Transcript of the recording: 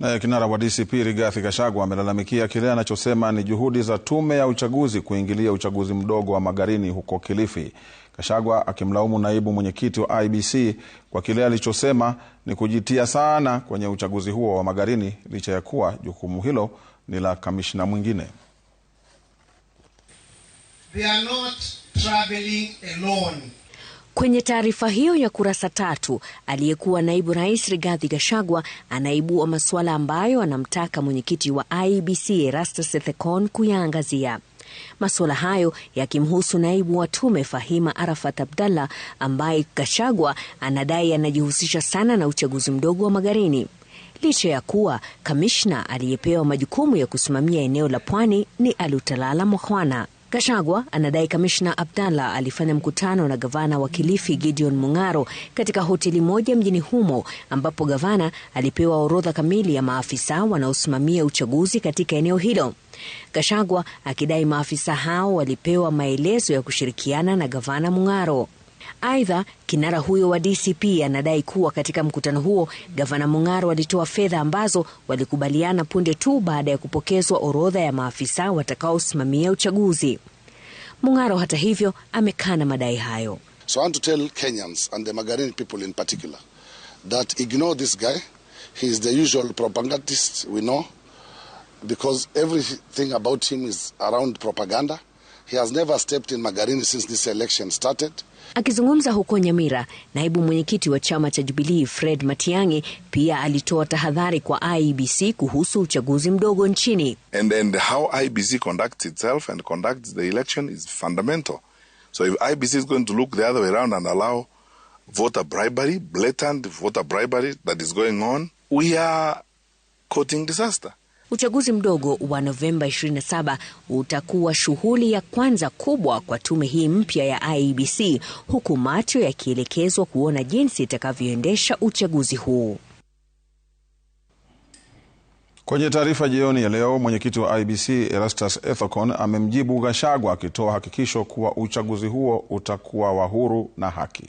Eh, kinara wa DCP Rigathi Gachagua amelalamikia kile anachosema ni juhudi za tume ya uchaguzi kuingilia uchaguzi mdogo wa Magarini huko Kilifi. Gachagua akimlaumu naibu mwenyekiti wa IEBC kwa kile alichosema ni kujitia sana kwenye uchaguzi huo wa Magarini licha ya kuwa jukumu hilo ni la kamishna mwingine. They are not traveling alone. Kwenye taarifa hiyo ya kurasa tatu, aliyekuwa naibu rais Rigathi Gachagua anaibua masuala ambayo anamtaka mwenyekiti wa IEBC Erastus Thekon kuyaangazia. Masuala hayo yakimhusu naibu wa tume Fahima Arafat Abdallah ambaye Gachagua anadai anajihusisha sana na uchaguzi mdogo wa Magarini licha ya kuwa kamishna aliyepewa majukumu ya kusimamia eneo la pwani ni Alutalala Mwakhwana kashagwa anadai kamishna Abdalla alifanya mkutano na gavana wa Kilifi Gideon Mung'aro katika hoteli moja mjini humo ambapo gavana alipewa orodha kamili ya maafisa wanaosimamia uchaguzi katika eneo hilo. kashagwa akidai maafisa hao walipewa maelezo ya kushirikiana na gavana Mung'aro. Aidha, kinara huyo wa DCP anadai kuwa katika mkutano huo gavana Mung'aro alitoa fedha ambazo walikubaliana punde tu baada ya kupokezwa orodha ya maafisa watakaosimamia uchaguzi. Mung'aro hata hivyo amekana madai hayo. So I want to tell Kenyans and the Magarini people in particular that ignore this guy. He is the usual propagandist we know because everything about him is around propaganda. He has never stepped in Magarini since this election started. Akizungumza huko Nyamira, naibu mwenyekiti wa chama cha Jubilee Fred Matiang'i pia alitoa tahadhari kwa IEBC kuhusu uchaguzi mdogo nchini. And, how IEBC conducts itself and conducts the election is fundamental. So if IEBC is going to look the other way around and allow voter bribery, blatant voter bribery that is going on, we are courting disaster. Uchaguzi mdogo wa Novemba 27 utakuwa shughuli ya kwanza kubwa kwa tume hii mpya ya IEBC, huku macho yakielekezwa kuona jinsi itakavyoendesha uchaguzi huu. Kwenye taarifa jioni ya leo, mwenyekiti wa IEBC Erastus Ethekon amemjibu Gachagua akitoa hakikisho kuwa uchaguzi huo utakuwa wa huru na haki.